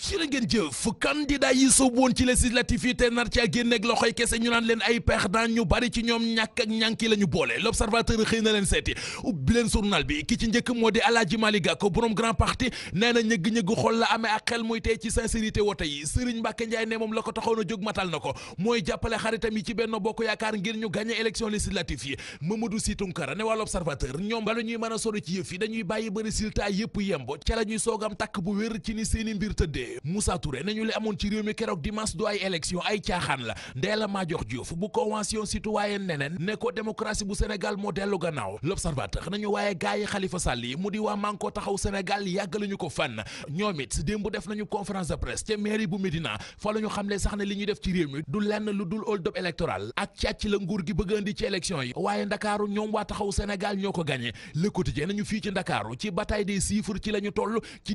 ci la ngeen jëf candidat yi soobu woon ci législatif yi te nar ci ak loxo loxoy kese ñu naan leen ay perdant ñu bari ci ñoom ñàkk ak ñànki la ñu boole l' observateur xëy na leen seeti ubbi leen journal bi ki ci njëkk moo di Alaaji Malick ko borom grand parti nee na ñëgg-ñëgg xol la amee ak xel muy tey ci sincérité wote yi Serigne Mbacke Ndiaye ne moom la ko taxoon a jóg matal na ko mooy jàppale xaritam yi ci benn bokk yaakaar ngir ñu gagné élection législative yi Mamadou Sy Tounkara ne waa l' observateur ñoom ñuy mën a sori ci dañuy bàyyi ba résultat yëpp yemb ca la ñuy soogam takk bu wér ci ni seeni mbir tëddee Touré Moussa Touré nañu li amoon ci réew mi keroog dimanche du ay élection ay caaxaan la Ndella Madior Diouf bu convention citoyenne neneen ne démocratie bu Sénégal moo dellu gannaaw l'observateur nañu waaye gaay yi Khalifa yi mu di waa Manko taxaw Sénégal yàgg lañu ko fan ñoom it démb def nañu conférence de presse ca mairie bu Médina fa la ñu xamle sax ne li ñuy def ci réew mi du lenn lu dul hold-up électoral ak càcc la nguur gi bëgg andi ci élection yi waaye Ndakaaru ñoom waa taxaw Sénégal ñoo ko gagné Le Quotidien nañu fii ci Ndakaaru ci bataille des chiffres ci la ñu toll ci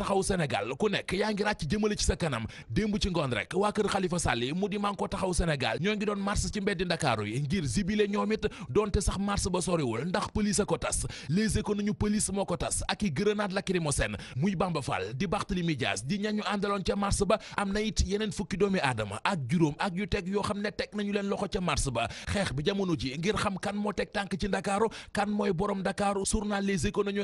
taxaw Sénégal ku nekk yaa ngi ràcc jëmale ci sa kanam démb ci ngoon rek waa kër Xalifa Sall yi mu di taxaw Sénégal ñoo ngi doon mars ci mbeddi Ndakaaru yi ngir zibile ñoom it doonte sax mars ba soriwul ndax police a ko tas les économies police moo ko tas ak i grenade lacrymogène muy Bamba Fall di Barthélémy Dias di ñañu àndaloon ca mars ba am na it yeneen fukki doomi aadama ak juróom ak yu teg yoo xam ne teg nañu leen loxo ca mars ba xeex bi jamono ji ngir kan moo teg tànk ci Ndakaaru kan mooy borom Ndakaaru journal les économies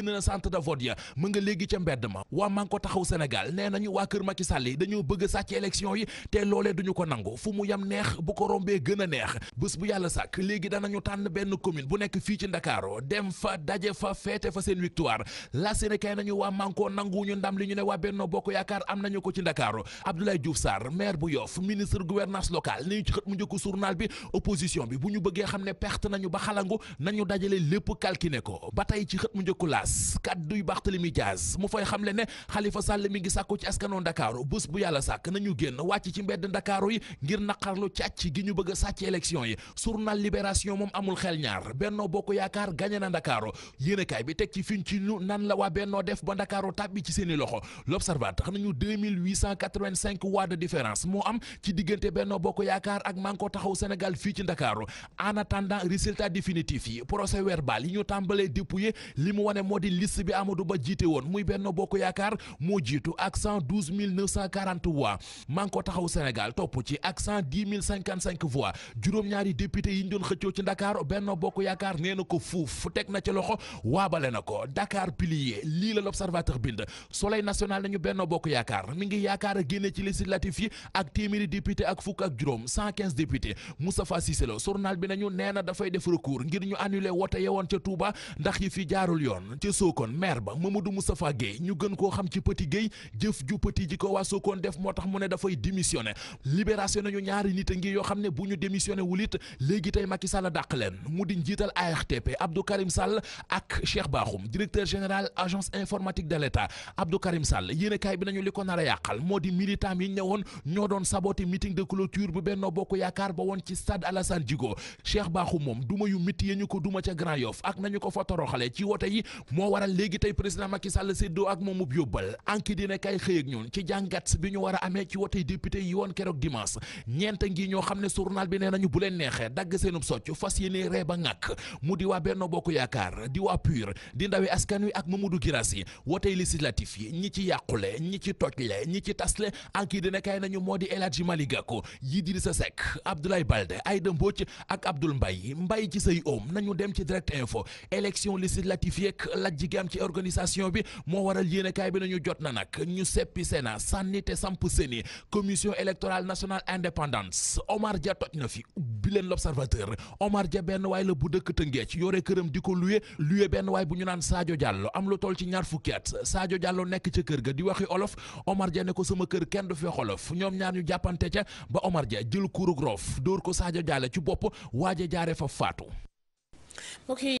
génn na de vote ya nga léegi ca mbedd ma waa man ko taxaw Sénégal nee nañu waa kër Macky Sall yi dañoo bëgg a sàcc élection yi te loolee duñu ko nangu fu mu yam neex bu ko rombee gën a neex bés bu yàlla sàkk léegi danañu tànn benn commune bu nekk fii ci Ndakaaru dem fa daje fa feete fa seen victoire la Sénégal nañu waa Manko nanguwuñu ndam li ñu ne waa Benno Bokk Yaakaar am nañu ko ci Ndakaaru Abdoulaye Diouf Sarr maire bu Yoff ministre gouvernance locale ni ñu ci xët mu njëkk journal bi opposition bi xam ne perte nañu ba xalangu nañu dajale lépp kalkine ko ba tey ci Dias kàdduy Barthélemy Dias mu fay xamle ne Khalifa Sall mi ngi sàkku ci askanu Ndakaaru bés bu yàlla sàkk nañu génn wàcc ci mbedd Ndakaaru yi ngir naqarlu càcc gi ñu bëgg a sàcc élection yi journal Libération moom amul xel ñaar Benno Bokk Yaakaar gañe Ndakaaru yéenekaay bi teg ci fiñ ci ñu nan la waa Benno def ba Ndakaaru tàbbi ci seeni loxo L'Observateur nañu 2885 voix de différence moo am ci diggante Benno Bokk Yaakaar ak Manko Taxawu Sénégal fii ci Ndakaaru en attendant résultat di liste bi Amadou Ba jiite woon muy Benno Bokk Yaakaar moo jiitu ak 112 940 taxaw Manko Taxawu Sénégal topp ci ak 110 055 voix juróom-ñaari député yi ñu doon xëccoo ci Dakar Benno Bokk Yaakaar nee na ko fuuf teg na ci loxo waabale na ko Dakar plié lii la l'observateur bind Soleil national nañu Benno Bokk Yaakaar mi ngi yaakaar a génne ci législatif yi ak téeméeri député ak fukk ak juróom 115 député Moustapha Cissé Lo journal bi nañu nee na dafay def recours ngir ñu annuler wote yewoon ca Touba ndax yi fi jaarul yoon ca Sokone maire ba Mamadou Moustapha Gueye ñu gën koo xam ci Petit Gueye jëf ju Petit ji ko waa Sokone def moo tax mu ne dafay démissionné libération nañu ñaari nit a ngi yoo xam ne bu ñu démissionné wul it léegi tey Macky Sall dàq leen mu di njiital ARTP Abdou Karim Sall ak Cheikh baaxum directeur général agence informatique de l'État Abdou Karim Sall yéenekaay bi nañu li ko nar a yàqal moo di militant yi ñëwoon ñoo doon saboté meeting de clôture bu Benno Bokk Yaakaar ba woon ci stade Alassane Djigo Cheikh Bakhoum moom duma yu mitti ya ñu ko duma ca Grand Yoff ak nañu ko fa toroxale ci wote yi moo waral léegi tey président Macky Sall séddoo ak moom mu yóbbal anki dina kay xëy ak ñun ci jàngat bi ñu war a amee ci wotey député yi woon keroog dimanche ñeent ngi ñoo xam ne journal bi nee nañu bu leen neexee dagg seenub socc fas yéene ree ba ngàkk mu di waa Benno Bokk Yaakaar di waa PUR di ndawi askan wi ak Mamadou Guirassy wotey législatif yi ñi ci yàqule ñi ci tojle ñi ci tasle anki dina kay nañu moo di El Hadji Malick Gakou Idrissa Seck Abdoulaye Baldé Aïda Mbodj ak Abdoul Mbaye Mbaye ci say oom nañu dem ci direct info élection législative yeeg laj ji gi am ci organisation bi moo waral yéenekaay bi nañu jot na nag ñu seppi Sénat sànni te samp seeni commission électorale national indépendance Omar ja toj na fi ubbi leen l'observateur Omar Dia benn waay la bu dëkk Tëngéej yore këram di ko luye luye benn waay bu ñu naan Sadio Diallo am lu toll ci ñaar fukki at Sadio Diallo nekk ca kër ga di waxi olof Omar Dia ne ko sama kër kenn du fi olof ñoom ñaar ñu jàppante ca ba Omar Dia jël kurug roof dóor ko Sadio Diallo ci bopp waaja jaare fa faatu